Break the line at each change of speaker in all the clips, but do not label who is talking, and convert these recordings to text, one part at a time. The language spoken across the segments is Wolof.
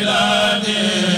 biladi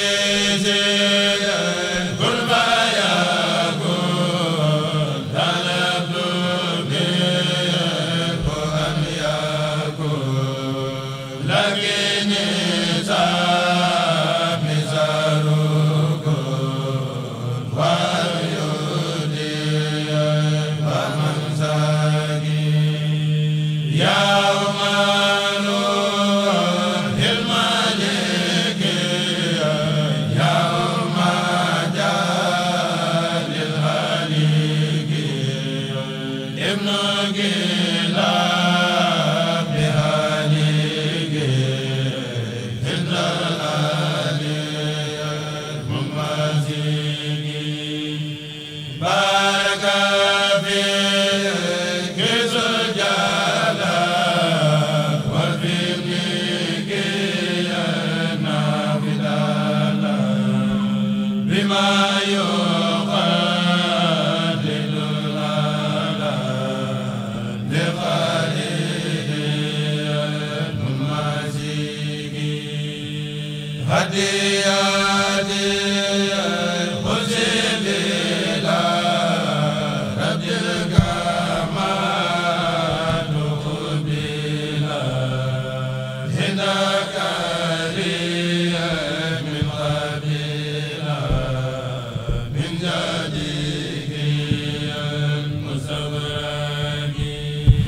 yaa hadiya